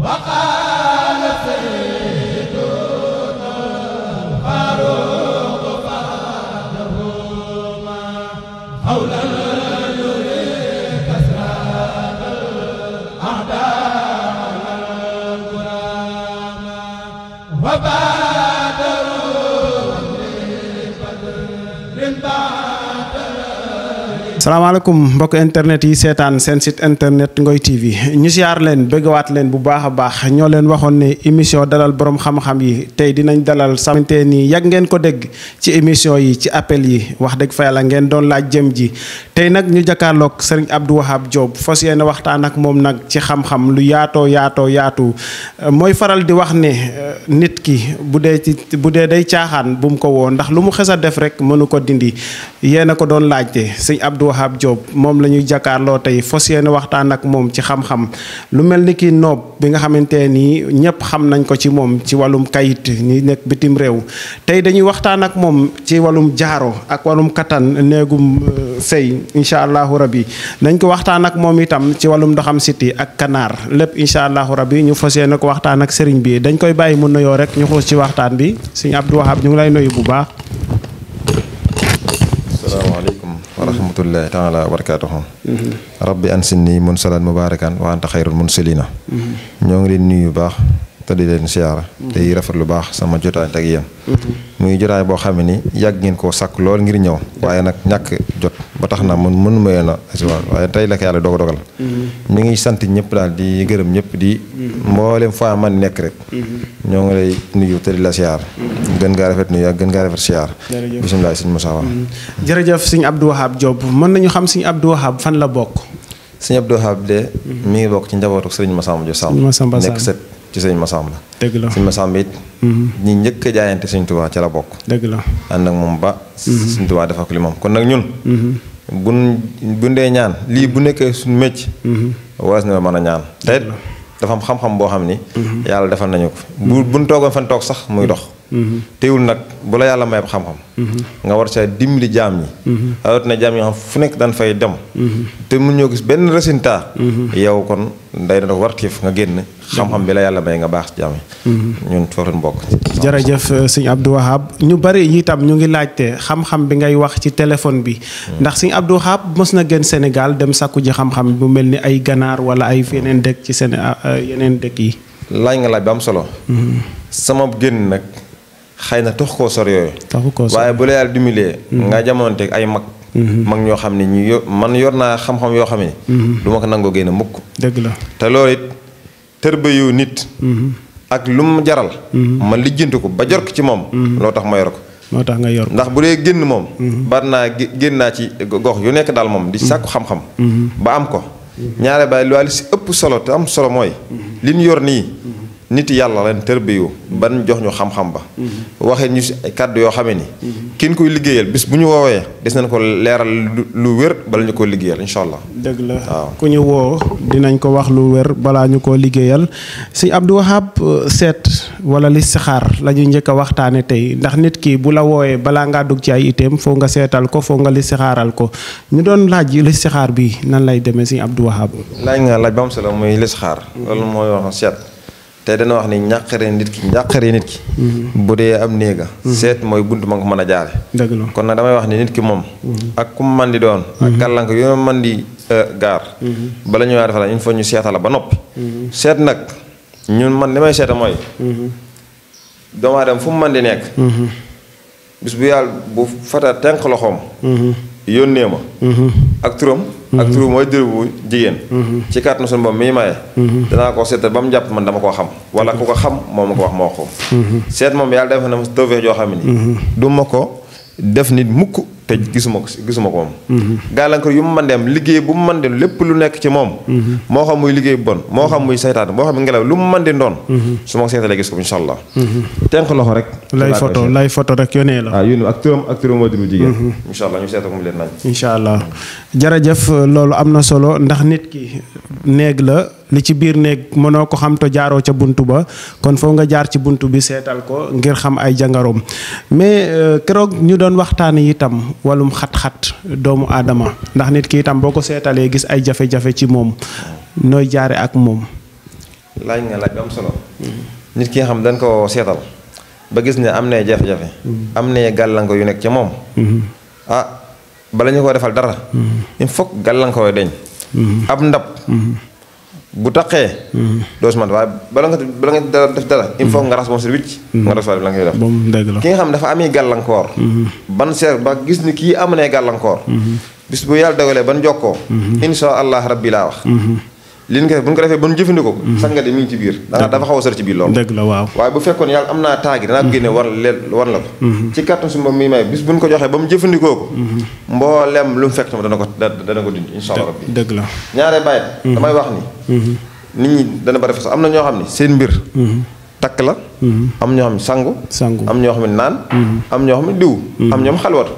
waqa salaamaaleykum mbokk internet yi seetaan seen sit internet Ngoy TV ñu siyaar leen waat leen bu baax a baax ñoo leen waxoon ne émission dalal borom xam-xam yi tey dinañ dalal samante nii yàgg ngeen ko dégg ci émission yi ci appel yi wax dëgg fa yàlla ngeen doon laaj jëm ji tey nag ñu jàkkaarloog sëriñ Abdou Wahab Diop fas yéene waxtaan ak moom nag ci xam-xam lu yaatoo yaatoo yaatu mooy faral di wax ne euh, nit ki bu dee ci bu dee day caaxaan bu ko woo ndax lu mu xes a def rek mënu ko dindi yéena ko doon laajte sëñ Abdou Wahab Diop moom la ñu jàkkaarloo tey fas yéene waxtaan ak moom ci xam lu mel ni ki noob bi nga xamante ni ñëpp xam nañ ko ci moom ci wàllum kayit ñi nekk bitim réew tey dañuy waxtaan ak moom ci wàllum jaaro ak wàllum kattan néegum euh, sëy incha allahu rabi nañ ko waxtaan ak moom itam ci wàllum ndoxam siti ak kanaar lépp incha allahu rabi ñu fas yéene ko waxtaan ak sëriñ bi dañ koy bàyyi mu nuyoo rek ñu xuus ci waxtaan bi sëñ Abdou Wahab ñu ngi lay nuyu bu baax. ورحمة الله تعالى وبركاته ربي أنسني منسلا مباركا وأنت خير المنسلين نيو ngi leen nuyu Mhm. te di leen siyaara tey rafet lu baax sama jotaay ak yéen mhm. muy jotaay boo xam ni yàgg ngeen koo sàkk lool ngir ñëw waaye nag ñàkk jot ba tax na mun mënu ma na asiwaal waaye tey la ko yàlla dogal dogal mhm. ngi sant ñëpp daal di gërëm ñëpp di mboolem fa man nekk rek ñoo ngi lay nuyu te di la siyaar gën ngaa rafet nuyu ak gën ngaa rafet siyaar bisimilah sëñ Moussa Wa jërëjëf sëñ Abdou Wahab Diop mën nañu xam sëñ Abdou Wahab fan la bokk sëñ Abdou Wahab de mi ngi bokk ci njabootu sëriñ Massamba Diop Samb nekk sët ci sëñ Massamba. dëgg la sëñ Massamba it. Mhm. ñi njëkk a jaayante sëñ Tuubaa ci la bokk. dëgg la ànd moom ba. Mhm. suñ Tuubaa defal ko li moom kon nag ñun. buñ mhm. buñ dee ñaan lii bu nekkee suñu mécc. waas na mën a ñaan. te dafa am xam-xam boo xam ni. yàlla defal nañu ko. bu buñ toogoon fan toog sax muy dox. teewul nag bu la yàlla mayab xam-xam nga war sa dimbali jaam ñi awet na jaam ñi xam fu nekk daan fay dem te mun ñoo gis benn résultat yow kon day na daf war kiif nga génn xam-xam bi la yàlla may nga baax jaam yi ñun foofu jërëjëf euh, sëñ Abdou Wahab ñu bari itam ñu ngi laajte xam bi ngay wax ci téléphone bi ndax siñ Abdou Wahab mos na génn senegal dem sàkku ji xam-xam bu mel ni ay ganaar wala ay yeneen dëkk ci seen euh, yeneen dëkk yi laaj nga laaj ba am solo sama génn nag xëy na taxu koo sor yooyu. taxu koo sor waaye bu la yàlla dimbalee. nga jamonteeg ay mag. Mhm. mag ñoo xam ne ñu man yor naa xam-xam yoo xam ne. Mhm. ko nangoo génne mukk. dëgg la te loolu it tërbayu nit. Mhm. ak lu jaral. ma lijjanti ko ba jor ko ci moom. loo tax ma yor ko. moo tax nga yor ndax bu dee génn moom. bari naa génn naa ci gox yu nekk daal moom di sàkku xam-xam. ba am ko. ñaare bàyyi lu si ëpp solo te am solo mooy. li ñu yor nii. nit yàlla leen tërbiyu ban jox ñu xam-xam ba mhm. waxee ñu si kàddu yoo xamee ni mhm. kin koy liggéeyal bis bu ñu woowee des nañ ko leeral lu wér bala ñu ko liggéeyal incha allah la waaw ñu woo dinañ ko wax lu wér balaa ñu ko liggéeyal si Abdou Wahab euh, seet wala listixaar la ñuy njëkk a waxtaane tey ndax nit kii bu la woowee balaa ngaa dugg ci ay itéem foog nga seetal ko foog nga listixaaral ko ñu doon laaj listixaar bi nan lay demee si Abdou Wahab laaj nga laaj ba am listixaar mhm. loolu mooy wax seet te dana wax ni njàqare nit ki njàqare nit ki. Mm-hmm. bu dee am néega mm-hmm. seet mooy bunt ma ko mën a jaare kon nag damay wax ni nit ki moom. Mm-hmm. ak ku man di doon. ak kàllank yoo man di euh, gaar. bala ñu defal il faut ñu la ba noppi. seet nag ñun man li may seeta mooy. doomu aadama fu mu di nekk. bis bu yàlla bu fata tenq loxoom. yónnee ma. ak turam. ak turu mhm. mooy diw bu jigéen mhm. ci kàttanu sunu boom mi maye mhm. danaa ko seetal ba mu jàpp man dama koo xam wala ku ko xam moo ma ko wax ma wax ko seet moom yàlla def na ma tawfeex joo xam ne du ma ko def nit mukk te gisuma ko gisuma ko moom. Mhm. gàllankoor yu mu mën di am liggéey bu mu mën di lépp lu la. waaw ah, yónnee ak turam ak turam moo di jigéen. Mhm. incha allah loolu am na solo ndax nit ki néeg la. li ci biir néeg mënoo ko xam te jaaroo ca buntu ba kon foo nga jaar ci buntu bi seetal ko ngir xam ay jàngaroom mais euh, keroog ñu doon waxtaan itam walum xat-xat doomu aadama ndax nit ki itam boo ko seetalee gis ay jafe-jafe ci moom nooy jaare ak moom. laaj nga laaj solo. nit ki xam dañ ko seetal ba gis ne am na jafe-jafe. Mm-hmm. am na gàllankoor yu nekk ca moom. Mm-hmm. ah bala ñu ko defal dara. Mm-hmm. il faut gàllankoor deñ ab ndab. bu taqee. Hmm. doo si mën waaye bala nga bala nga dara def dara. il faut nga ras moom hmm. wicc. nga ras la ngay def. dëgg la ki nga xam dafa amee gàllankoor. Hmm. ban seer ba gis ni kii am nee gàllankoor. bis bu yàlla dogalee ban jokkoo. insha allah rabbi laa wax. li ñu ko def bu ñu ko defee ba ñu jëfandikoo mm-hmm. sangal yi mi ngi ci biir da dafa xaw a sër ci biir loolu dëgg la waaw waaye bu fekkoon yàlla am naa taagi danaa ko mm-hmm. génne war leen war la ko mm-hmm. ci kàttan su moom may bis bu ñu ko joxee ba mu jëfandikoo ko mboolem lu mu fekk sama dana ko dana ko dindi insha la ñaare bàyyet damay wax ni nit ñi dana bari fas am na ñoo xam ne seen mbir takk la am ñoo xam sangu sangu am ñoo xam ne naan am ñoo xam ne diw am ñoom xalwatu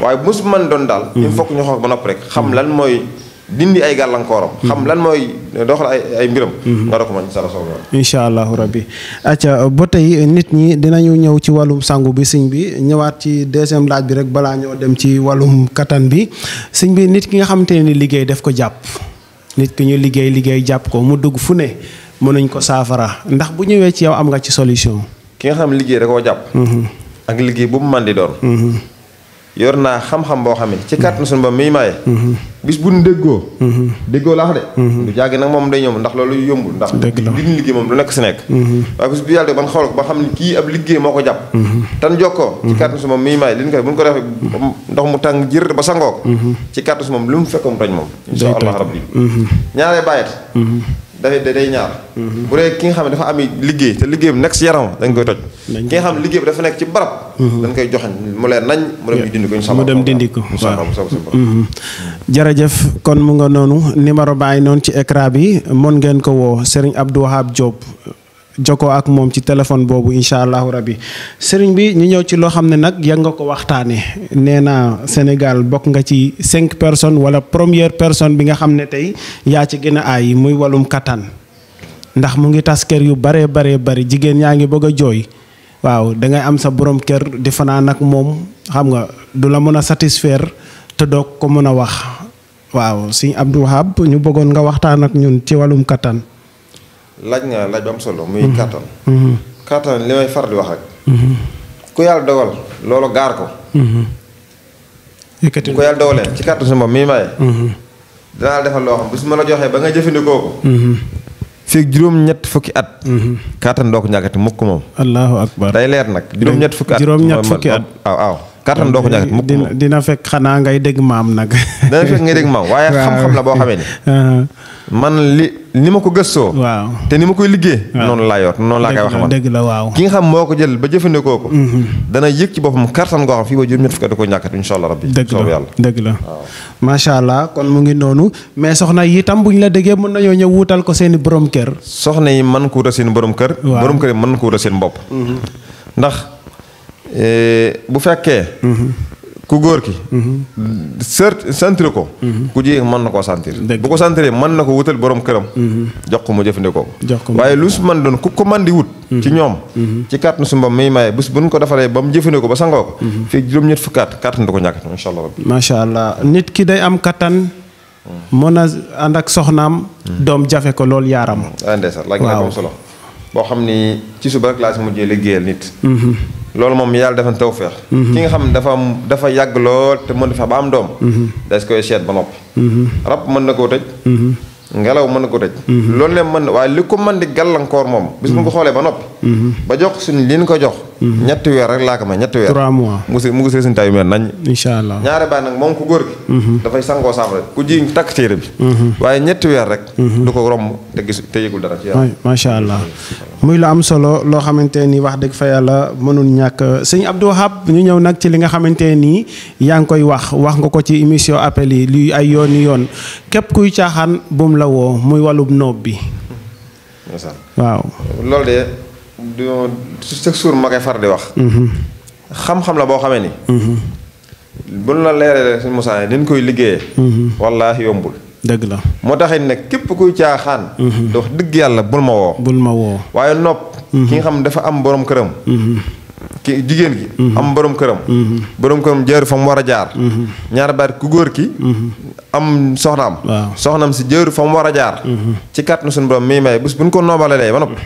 waaye bu mos man doon daal il faut que ñu xool ba nopp rek xam lan mooy dindi ay gàllankooram. Hmm. xam lan mooy doxal ay ay mbiram. Hmm. nga doog man incha allah. incha allahu rabbi acca ba tey nit ñi dinañu ñëw ci wàllum sangu bi sëñ bi ñëwaat ci deuxième laaj bi rek balaa ñoo dem ci wàllum kattan bi sëñ bi nit ki nga xamante ne liggéey def ko jàpp. nit ki ñu liggéey liggéey jàpp ko mu dugg fu ne mënuñ ko saafara ndax bu ñëwee ci yow am nga ci solution. ki nga xam liggéey da koo jàpp. Hmm. ak liggéey bu mu mën di doon. yor naa xam-xam boo xam ne ci kàttan suñu ba muy maye. Mhm. bis bu nu déggoo. Mhm. déggoo laax de. Mhm. du jàgg nag moom day ñëw ndax loolu yombul ndax. dëgg la li liggéey moom lu nekk si nekk. waaye bis bu yàlla de man xool ko ba xam ne kii ab liggéey moo ko jàpp. tan jokkoo. ci kàttan suñu ba muy li ñu koy bu ko defee ndox mu tàng jër ba sangoo ko. ci kàttan su moom lu mu fekk mu toj moom. incha allah rabbi ñaaree bàyyet day day ñaar. Mhm. bu dee ki nga xam ne dafa am liggéey te liggéey bi nekk si yaram dañ koy toj. ki nga xam ne liggéey bi dafa nekk ci barab. Mhm. dañ koy joxañ mu leer nañ. mu dem dindi ko incha allah mu dem dindi ko waaw mhm. jërëjëf kon mu nga noonu numéro baa ngi noonu ci écran bi mën ngeen ko woo Serigne Abdou Wahab Diop. joko ak mom ci téléphone bobu inshallah rabbi serigne bi ñu ñew ci lo xamne nak ya nga ko waxtane Sénégal bok nga ci 5 personnes wala première personne bi nga xamne tay ya ci gëna ay muy walum katan. ndax mu ngi tasker yu bare bare bare jigen yaa ngi bëgg joy. waaw da ngay am sa borom kër di fanaan ak moom xam nga du la mëna satisfaire te do ko mëna wax waaw sëñ Abdou hab ñu bëggon nga waxtaan ak ñun ci walum katan laaj nga laaj bu am solo. muy mhm. kattan. Mhm. kattan li may far di wax rek. Mhm. ku yàlla dogal loolu gaar ko. yëkkati ku yàlla dogalee ci kattan sama mi maye. dinaa defal loo xam bis ma la joxee ba nga jëfandikoo ko. fii juróom-ñett fukki at. kattan doo ko ñàkkati mukk moom. day leer nag. juróom-ñett fukki at juróom-ñett kattan doo ko mukk dina dina fekk ngay dégg maam nag dana fekk ngay dégg maam waaye xam-xam la boo xamee ni man li ni ma ko gëstoo waaw te ni ma koy liggéey noonu laa yor noonu laa koy wax man dëgg la waaw ki nga xam moo ko jël ba jëfandikoo ko mhm. dana yëg ci boppam kattan xam ba allah la allah kon mu ngi noonu mais soxna yi itam buñ la déggee mën nañoo ñëw wuutal ko seeni borom kër soxna yi man ko wutal borom kër borom kër Eh, bu fekkee. Mhm. ku góor ki. Mhm. sër sentir ko. Mhm. ku jigéen mën na koo sentir. bu ko sentiree mën na ko wutal borom këram. jox ko mu jëfandikoo ko. waaye lu su man doon ku ko man di wut. ci ñoom. ci kàttanu su mbam mi maye bés bu ñu ko defaree ba mu jëfandikoo ko ba sangoo ko. fii juróom-ñett fukki at kàttan du ko ñàkk allah. macha allah nit ki day am kattan. Mm. mën a ànd ak soxnaam. Mm. doom jafe ko lool yaaram. Mm. Ah, waaw waaw boo xam ni ci suba rek laa si mujjee liggéeyal nit. Mhm. loolu moom yàlla dafa tawfeex. Mhm. ki nga xam ne dafa dafa yàgg lool te mën na fex ba am doom. Mhm. des koy seet ba noppi. rab mën na koo tëj. ngelaw mën na koo tëj. loolu ne mën na waaye li ko mën di gàllankoor moom. bis mu ko xoolee ba noppi. ba jox suñ li ñu ko jox. ñetti weer rek laa ko may ñetti weer. trois mois mu ngi mu ngi résultat yu mel nañ. incha allah ñaari bàyyi nag moom ku góor gi. Mhm. dafay sangoo saafara ku ji takk téere bi. Mhm. waaye ñetti weer rek. Mhm. du ko romb te gis te yëgul dara ci yàlla. macha allah muy la am solo loo xamante ni wax dëgg fa yàlla mënul ñàkk sëñ Abdou Wahab ñu ñëw nag ci li nga xamante nii yaa ngi koy wax wax nga ko ci émission appel yi luy ay yoon i yoon képp kuy caaxaan buum la woo muy wàllum noob bi. waaw du chaque jour ma koy far di wax. Mhm. xam-xam la boo xamee ni. Mhm. buñ la leeralee suñu Moussa ni koy liggéeyee. Mhm. wallaahi yombul. dëgg la moo taxit nag képp kuy caaxaan. dox dëgg yàlla bul ma woo. bul ma woo waaye nopp. ki nga xam dafa am boroom këram. jigéen gi. am borom këram. boroom këram jaaru fa mu war a jaar. ñaar baat ku góor ki. am soxnaam. soxnaam si jaaru fa mu war a jaar. ci kàttanu suñu borom mii may bés bu ñu ko noobalee ba noppi.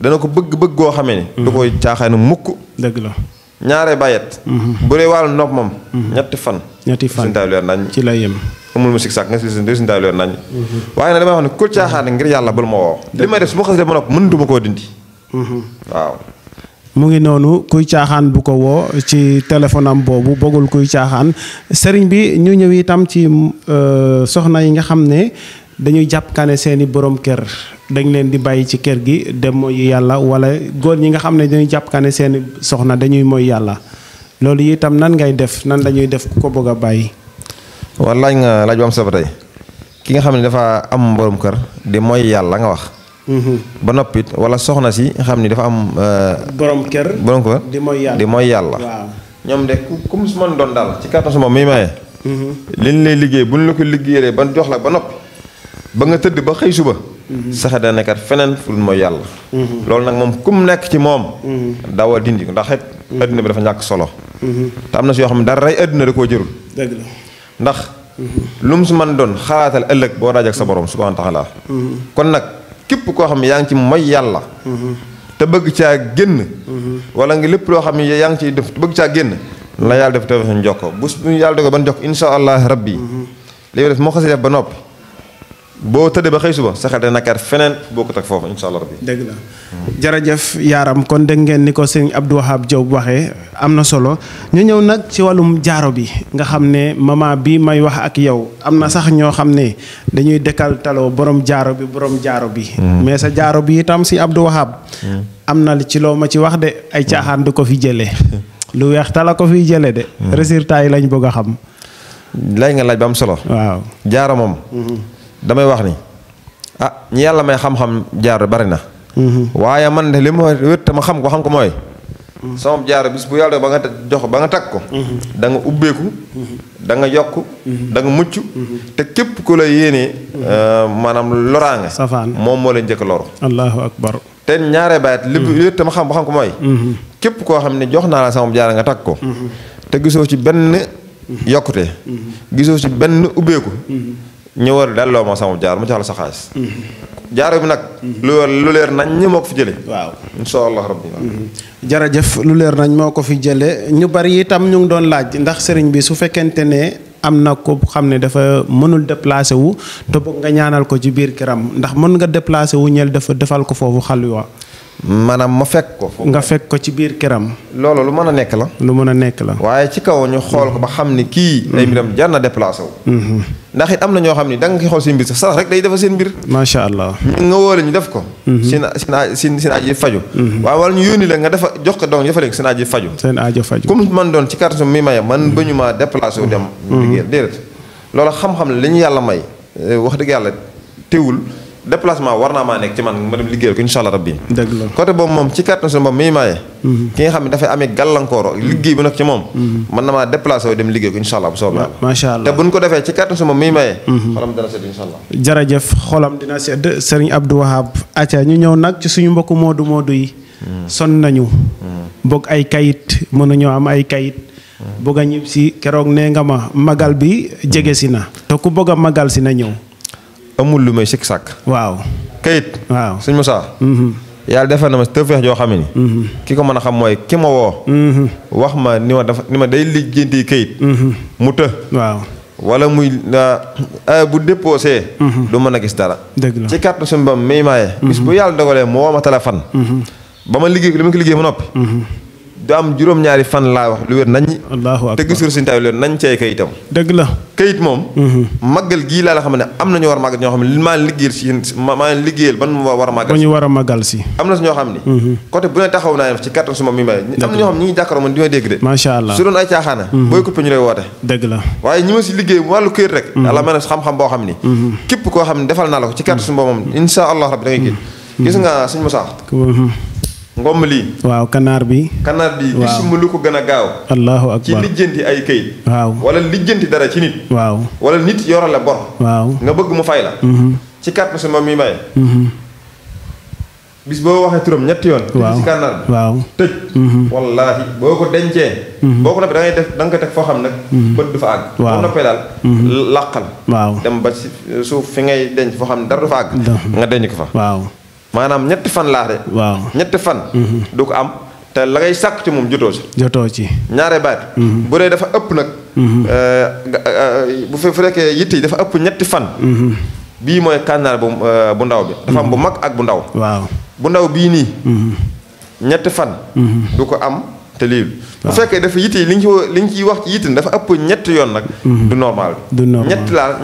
dana ko bëgg bëgg goo xamee ne. du koy caaxaanu mukk. dëgg la ñaare bayet mhm. bu dee wàllu nopp moom. Mhm. ñetti fan. ñetti fan ci la yem. amul musik sax nga si suñ suñ daal nañ. waaye nag damay wax ne ku caaxaan ngir yàlla bul ma woo. li may def su ma xasee ma nopp mënutuma koo dindi. Mhm. waaw. mu ngi noonu kuy caaxaan bu ko woo ci téléphone am boobu bëggul kuy caaxaan sëriñ bi ñu ñëw itam ci euh, soxna yi nga xam ne. dañuy kané seeni borom kër dañ leen di bayyi ci kër gi dem moy yalla wala góor ñi nga xamné dañuy japp kané seeni soxna dañuy mooy yàlla loolu itam nan ngay def nan lañuy def ko bëgg bayyi bàyyi waa nga laj bam am ki nga xamné dafa am borom kër di moy yalla nga wax mhm. ba wala soxna si xamni dafa am euh, borom kër borom kër di moy yalla di mooy yàlla ñom de kum su mën don dal ci hmm liñ lay liggé buñ la ko liggéré ban jox la ba nopi ba nga tëdd ba xëy suba. saxe da nekkat feneen fu dul mooy yàlla. loolu nag moom kum nekk ci moom. daaw a dindi ndax it. adduna bi dafa ñàkk solo. te am na si yoo xam ne dara rey adduna da koo jërul. ndax. lu mu su man doon xalaatal ëllëg boo rajeek sa borom tax laa kon nag képp koo xam ne yaa ngi ci mooy yàlla. te bëgg caa génn. wala nga lépp loo xam ne yaa ngi ciy def te bëgg caa génn. la yàlla def te fa suñu jokkoo bu yàlla dogal ban jokk incha allah rabbi li def moo xasee def ba noppi. bo tëddee ba xey suba sa xel dana kar feneen bokkut ak foofu incha rabbi deug la jërëjëf yaram kon de ngeen ni ko Abdou Wahab Diop waxe amna solo ñu ñew nak ci walum jaaro bi nga xamne mama bi may wax ak yow amna sax ño xamne dañuy dekal talo borom jaaro bi borom jaaro bi mm. mais sa jaaro bi tam si Abdou Wahab mm. amna li ci lo ma ci wax de ay tiaxan du ko fi jele lu wex tala ko fi jele de mm. resultat yi lañ bëgg xam lay nga laaj ba solo waaw jaaro mom mm-hmm. damay wax ni ah ñi yàlla may xam-xam jaar bari na. Mhm. waaye man de li ma wér te ma xam ko xam ko mooy. Mhm. sama jaar bis bu yàlla ba nga jox ba nga takk ko. Mhm. da nga ubbeeku. da yokk. da nga mucc. te képp ku la yéenee. Euh, maanaam loraange. safaan moom moo leen njëkk loru. allahu akbar. te ñaare li wér te xam ko xam ko mooy. képp koo xam ne jox naa la sama jaar nga takk ko. te gisoo ci benn yokkute. gisoo ci benn ubbeeku. ñu war delloo ma sama jaar mu jox la sa xaalis. jaar bi nag. lu leer nañ ñi moo ko fi jëlee. waaw incha allah lu leer nañ moo ko fi jëlee ñu bari itam ñu ngi doon laaj ndax sëriñ bi su fekkente ne am na ko xam ne dafa mënul déplacé wu te bëgg nga ñaanal ko ci biir këram ndax mën nga déplacé wu ñeel dafa defal ko foofu xalwa maanaam ma fekk ko. nga fekk ko ci biir këram. loolu lu mën a nekk la. lu mën a nekk la. waaye ci kaw ñu xool ko ba xam ni kii. ay mbiram mm-hmm. jar na déplacé wu. Mm-hmm. ndax it am na ñoo xam ni da nga koy xool seen mbir sax sarax rek day defal seen mbir. macha allah nga wóole ñu def ko. Mm-hmm. seen seen seen aaj yi faju. waaye wala ñu yónni la nga defa jox ko donc defalee ko seen aaj yi faju. seen aaj yi faju comme man doon ci carte mi maye man ba ñu maa déplacé wu dem. liggéey déedéet loolu xam-xam la yàlla may eh, wax dëgg yàlla teewul. déplacement warna ma nek ci man ma dem liggéey ko inshallah rabbi deug la côté bob mom ci carte suñu bopp miy maye mhm. ki nga xamni ne dafay amee gàllankoor liggéey bu nak ci mom man mhm. na ma déplacer dem liggéey ko inshallah allah bu soobee macha allah te buñ ko défé ci carte suñu bopp miy maye mhm. xolam dara sét inshallah jara jërëjëf xolam dina sét serigne Abdou Wahab atia ñu ñëw nak ci suñu mbokk modou modou yi son nañu bok ay kayit ñu am ay kayit bëgg a ñib si keroog nga ma magal bi jégé sina té ku bëgg magal sina ñëw amul lu may sikk sàkk. waaw kayit. waaw suñ Moussa. Mm-hmm. yàlla defal na ma tëfeex joo xam mm-hmm. ki ko mën a xam mooy ki ma woo. Mm-hmm. wax ma ni ma dafa ni ma day lijjanti kayit. mu të. waaw wala muy bu déposé. du mën a gis dara. dëgg la ci kàttan suñu bam mi maaye bis bu yàlla dogalee mu woo ma téléphone. ba ma liggéey li ma ko liggéey ma noppi. du am juróom-ñaari fan laa wax lu wér nañ. allahu akbar te gisul suñu lu wér nañ cay kayitam. dëgg la kayit moom. Mhm. màggal gii laa la xam ne am na ñu war a màggal ñoo xam ne maa liggéeyal si mu war a màggal. ba ñu si. am na si ñoo xam ne. Mhm. côté bu ne taxaw naa ci kattan na ñoo xam ne mhm. ñi ngi jàkkaaroo man xam-xam boo xam ni. képp koo xam ne defal naa la ko ci kattan su moom insha allah rabbi da ngay gis gis nga suñu Musaa ngomm lii. waaw kanaar bi. kanaar bi gisuma lu ko gën a gaaw. allahu akbar ci lijjanti ay kayit. waaw wala lijjanti dara ci nit. waaw wala nit yoro la bor. nga bëgg mu fay mhm. ci kàttan su moom mi maye. Mhm. bis boo waxee turam yoon. waaw ci kanaar bi mhm. ko dencee. boo ko noppee da def danga ko teg foo xam nag. bët du fa àgg. waaw noppee daal. làqal. waaw dem ba si suuf fi ngay denc foo xam ne dara du fa àgg. nga denc ko fa waaw. maanaam ñetti fan laax de. waaw ñetti fan. Mhm. du ko am te la ngay sàkk ci moom jotoo ci. jotoo ci ñaare baat. Mhm. bu dee dafa ëpp nag. Mhm. Euh, euh, bu fekkee yitt yi dafa ëpp ñetti fan. bii mooy kànnaar bu euh, bu ndaw bi. dafa bu mag ak bu ndaw. bu ndaw bii nii. ñetti fan. du ko am te lii. bu fekkee dafa yitt yi li ñu ci li ñu ciy wax ci yitt dafa ëpp ñett yoon nag. du normal du normal ñetti laa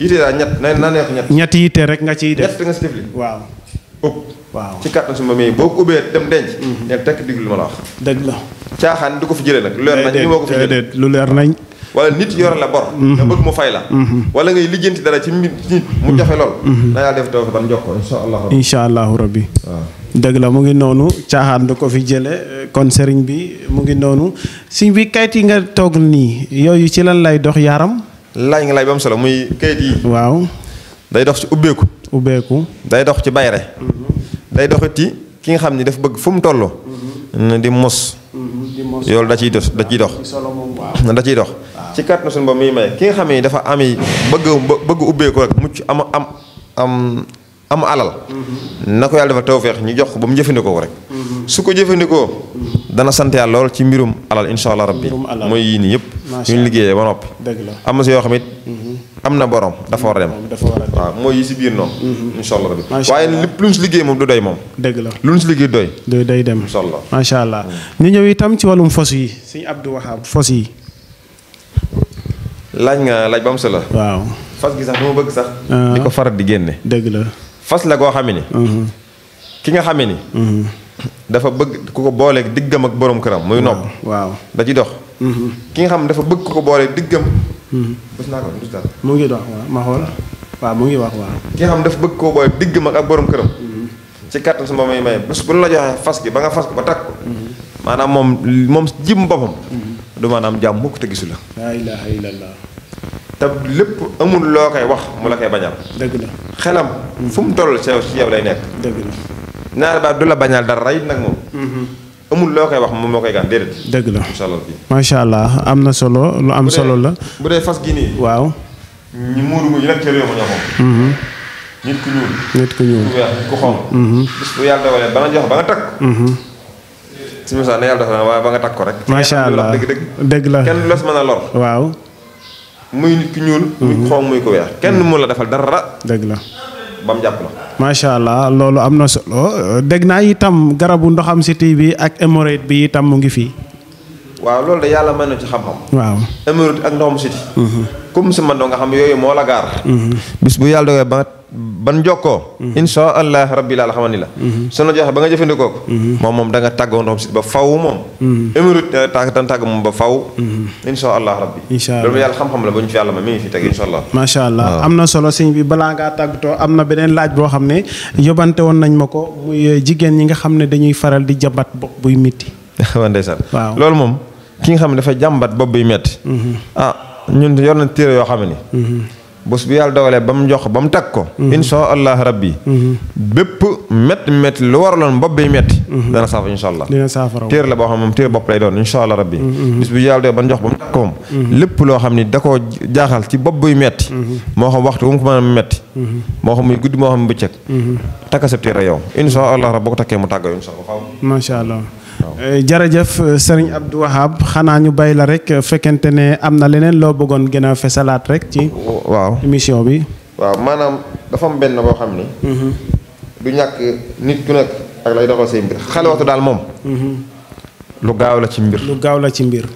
yitte daal ñett na na neex ñett. ñetti yitte rek nga ciy def ñett nga si def waaw. ub waaw ci kàttan suma mi boo ko ubbee dem denc neel mm-hmm. tekk diglu ma la wax dëgg la caaxaan du ko fi jëlee nag lu leer nañ ni moo ko fi jëlee lu leer nañ wala nit yor la bor mm-hmm. nga bëgg mu fay la mm-hmm. wala ngay lijjanti dara ci nit mu jafe lool na yàlla def tawfa ban jokko insha allah insha allahu rabbi dëgg la mu ngi noonu caaxaan du ko fi jële kon sëriñ bi mu ngi noonu sëriñ bi kayit yi nga toog nii yooyu ci lan lay dox yaram laaj nga laaj ba Wow. solo muy kayit yi waaw day dox ci ubbeeku ubbeeku day dox ci bayre mm-hmm. day doxit ci ki nga xam ni daf bëgg fu mu toll mm-hmm. di mos yoolu da ciy dox da ciy dox da ciy dox ci kàttanu suñu boobu muy may ki nga xam ni dafa ami bëgg bëgg ubbeeku rek mucc am am am am alal mm-hmm. na ko yàlla dafa tawféex ñu jox ko ba mu jëfandikoo ko rek su ko jëfandikoo dana sant yàlla lool ci mbirum alal insha allah rabbi mooy yii nii yëpp ñu liggéeyee ba noppi am yoo xam it am na borom dafa war a dem waaw mooy yi si biir noonu mhm. incha allah rabbi waaye lépp lu ñu si liggéey moom du doy moom dëgg la lu ñu si liggéey doy dem incha allah macha allah mm. ñu ñëw itam ci wàllum fos yi suñu Abdou Wahab fos yi laaj nga laaj ba am solo waaw fas gi sax dama bëgg sax ah. di ko faral di génne dëgg la fas la koo xame ni mhm. ki nga xame ni mhm. dafa bëgg ku ko booleeg diggam ak boroom këram muy nopp waaw da ci dox ki nga xam dafa bëgg ko boolee diggam. bés naa ko du dara. mu ngi dox waaw ma xool waaw mu ngi wax waaw. ki nga xam dafa bëgg koo boole diggam ak boroom këram. Mm-hmm. ci kattan su may may bés bu la joxee fas gi ba nga fas ko ba takk ko. Mm-hmm. maanaam moom moom jim boppam. Mm-hmm. du maanaam jàmm mukk te gisu la. laa ilaaha illallaah. te lépp amul loo koy wax mu la koy bañal. dëgg la xelam. fu mu toll ci yow ci yow lay nekk. dëgg la. naar ba du la bañal dara rey nag moom. amul lo koy wax mom mo koy gaan dedet deug la ma sha allah amna solo lu am solo la. bu dee fas gini waw ni muru mu ñu nag mo ñoko hmm ñoo mm-hmm. nit ku ñuul. nit ku ñuul ku xom hmm ku mm-hmm. bis bu yalla dogalee ba nga jox ba nga tak hmm ci mo sa ne yalla dafa waaye ba nga tak ko rek. ma sha allah deug dëgg dëgg la kenn los mën lor. waw muy nit ku ñuul. muy mm-hmm. xom muy ku wex kenn mu la defal dara. deug la. Bam mu jàpp la. macha allah loolu am na solo dégg naa itam garabu ndoxam siti bi ak hémorroïde bi itam mu ngi fi. waaw loolu de yàlla may na ci xam-xam. waaw hémorroïde ak ndoxam siti comme si man doo nga xam yooyu moo la gaar. Mhm. bis bu yàlla doogee ba ban jokkoo mhm. insha allah rabbi la alhamdulillah su la joxe ba nga jëfandikoo ko mhm. moom moom danga nga tàggoo ndoxam si ba faw moom mhm. émérite eh, tàgg tan tàgg moom ba faw insha allah rabbi loolu yàlla xam-xam la ba ñu fi yàlla ma mi ngi fi teg insha allah macha allah am na solo sëñ bi balaa ngaa tàggatoo am na beneen laaj boo xam ne yóbbante woon nañ ma ko muy eh, jigéen ñi nga xam ne dañuy faral di jabat bopp buy métti waaw ndeysaan waaw loolu moom ki nga xam ne dafa jàmbat bopp buy metti ah ñun yoo xam bés bu yàlla dogalee ba mu jox ko ba mu tag ko. incha allah rabbi. bépp métti métti lu waraloon a bi métti. dana saafara incha allah. dina saafara téer la boo xam moom téer bopp lay doon incha allah rabbi. bés bu yàlla dogalee ba mu jox ba mu tag mhm. mhm. mhm. ko moom. lépp loo xam ni da koo jaaxal ci bopp buy métti. moo xam waxtu bu mu ko mën a métti. moo xam muy guddi moo xam bëccëg. takka sa téer a yow incha allah rabbi boo ko takkee mu tàggoo incha allah. allah. Eh, jërëjëf eh, sëriñ Abdou Wahab xanaa ñu bay la rek eh, fekkente ne am na leneen loo bëggoon gën a fesalaat rek ci. waaw émission bi. waaw maanaam dafa am benn boo xam ni. Mhm. du ñàkk nit ku nekk ak lay doxal say mbir xale waxtu daal moom. Mhm. lu gaaw la ci mbir. lu gaaw la ci mbir.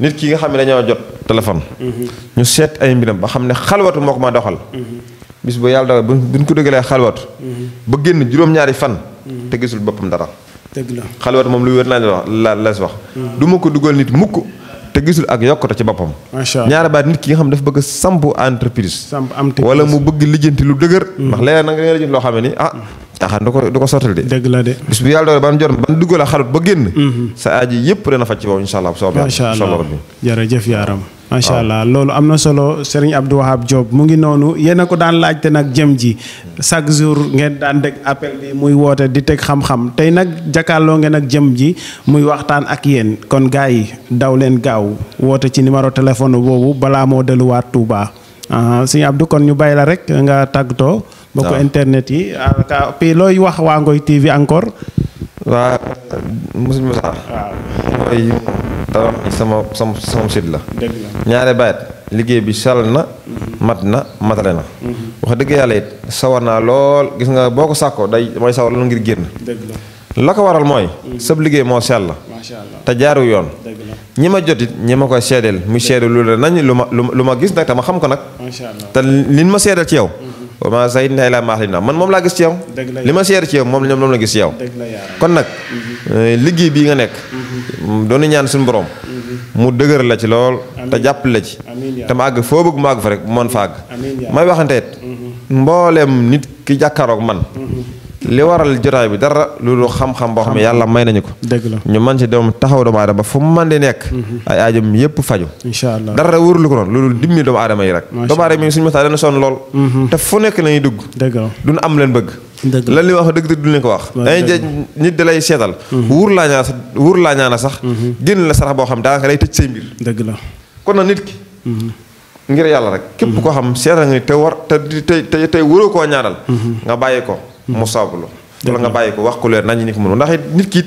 nit ki nga xam ne dañoo jot téléphone. Mhm. ñu seet ay mbiram ba xam ne xalwatu moo ko ma doxal. bis bu yàlla dawal buñ ko dëggalee xalwatu. ba génn juróom-ñaari fan. te gisul boppam dara. dëgg la xalwat moom lu wér naa wax la lees wax. Hmm. du ma ko dugal nit mukk te gisul ak yokkute ci boppam. macha allah ñaara baat nit ki nga xam dafa bëgg samp sampu entreprise. samp wala mu bëgg lijjanti lu dëgër. Hmm. ndax léeg-léeg nag lijjanti loo xam ne ni ah. taxaan hmm. du ko du ko sottal de. dëgg la de bu yàlla doole ban jor ban dugal a xalut ba génn. sa aji yëpp dana faj ci boobu incha allah. macha allah soob yàlla jërëjëf yaaram macha allah loolu am na solo Serigne Abdou Wahab Diop mu ngi noonu yéen a ko daan laajte nag jëm ji chaque jour ngeen daan dégg appel bi muy woote di teg xam-xam tey nag jàkkaarloo ngeen ak jëm ji muy waxtaan ak yéen kon gars yi daw leen gaaw woote ci numéro téléphone boobu balaa moo delluwaat Touba. Ah, Serigne Abdou kon ñu bay la rek nga tàggatoo. waaw bokk internet yi ah puis looy wax waa Ngoy TV encore. waa Moussa. waaw. tabax ah, sama sama sama sit la ñaare bayit liggéey bi sal na mhm. mat na matale na mhm. wax dëgg yàlla it sawar naa lool gis nga boo ko sàkkoo day mooy sawar lool ngir génn la ko waral mooy mhm. sab liggéey moo sell te jaaru yoon ñi ma jotit ñi ma koy seedeel muy seedeel lu la nañ lu ma lu ma gis nag te ma xam ko nag te li liñ ma seedeel ci yow wa ma zahidna ila ma alimna man moom laa gis ci yow li ma seer ci yow moom ñoom moom la gis ci yow kon nag mhm. eh, liggéey bi nga nekk mhm. doonu ñaan suñu borom mhm. mu dëgër la ci lool te jàppale la ci te ma àgg foo bëgg ma àgg fa rek man fa àgg may waxanteet mbooleem nit ki jàkkaaroog man li waral jotaay bi dara loolu xam-xam boo xam ne yàlla may nañu ko. dëgg la ñu man ci doom taxaw doomu aadama fu mu mën di nekk. Mhm. ay aajam yëpp faju incha allah dara wóorul ko noonu loolu dimbali doomu aadama yi rek. doomu aadama yi suñu waxtaan dana sonn lool. Mhm. te fu nekk lañuy dugg. dëgg la am leen bëgg. dëgg lan li wax dëgg dëgg du leen ko wax. dañuy nit da lay seetal. Mhm. wuur laa ñaan sax wuur laa ñaan sax. génn la sarax boo xam daanaka day tëj say mbir. dëgg la kon nag nit ki. ngir yàlla rek. képp koo xam seetal nga te war te tey tey waroo koo ñaanal. nga bàyyi ko mu sablu wala nga bayiko wax ku leer nañ ni ko mënu ndax nit ki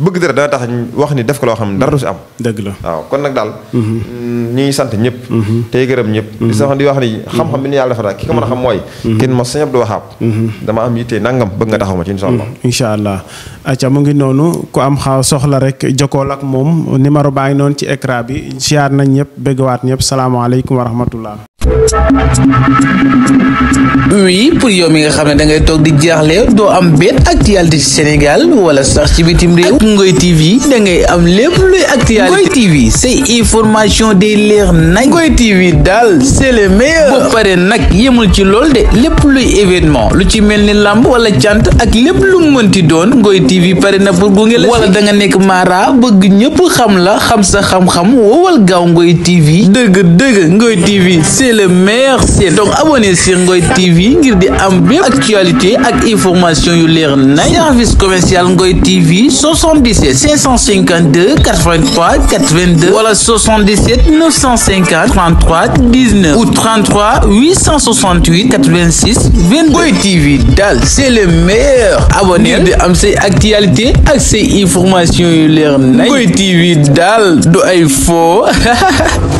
bëgg dara da tax wax ni def ko lo xam dara du ci am deug la waaw kon nak dal ñi sant ñep tey gërem ñep di sax di wax ni xam-xam bi ni yàlla dafa ki ko mëna xam moy kenn ma señ abdou wahab dama am yité nangam bëgg nga taxaw ma ci inshallah inshallah acca ngi nonu ku am xaw soxla rek jokolak lak mom numéro baa non ci écran bi ziar nañ waat ñep alaykum wa rahmatullah oui pour yow mi nga xam ne dangay toog di jaaxle doo am benn actualité ci Sénégal wala sax ci bitim réew Ngoy TV dangay am lépp luy actualité Ngoy TV say information day leer nañ Ngoy TV daal c'est le meilleur bu pare nag yemul ci lool de lépp luy événement lu ci mel ni làmb wala cant ak lépp lu mënti doon Ngoy TV pare na pour gunge la wala danga nekk mara bëgg ñëpp xam la xam sa xam-xam wowal gaaw Ngoy TV dëgg dëgg Ngoy TV le meilleur c'est donc abonné sur Ngoy TV ngir di am actualité ak information yu leer service commercial Ngoy TV 77 552 83 82 wala 77 950 33 19 ou 33 868 86 22 Ngoy TV dal c'est le meilleur abonné vous di am avec actualité ak information yu leer Ngoy TV dal ay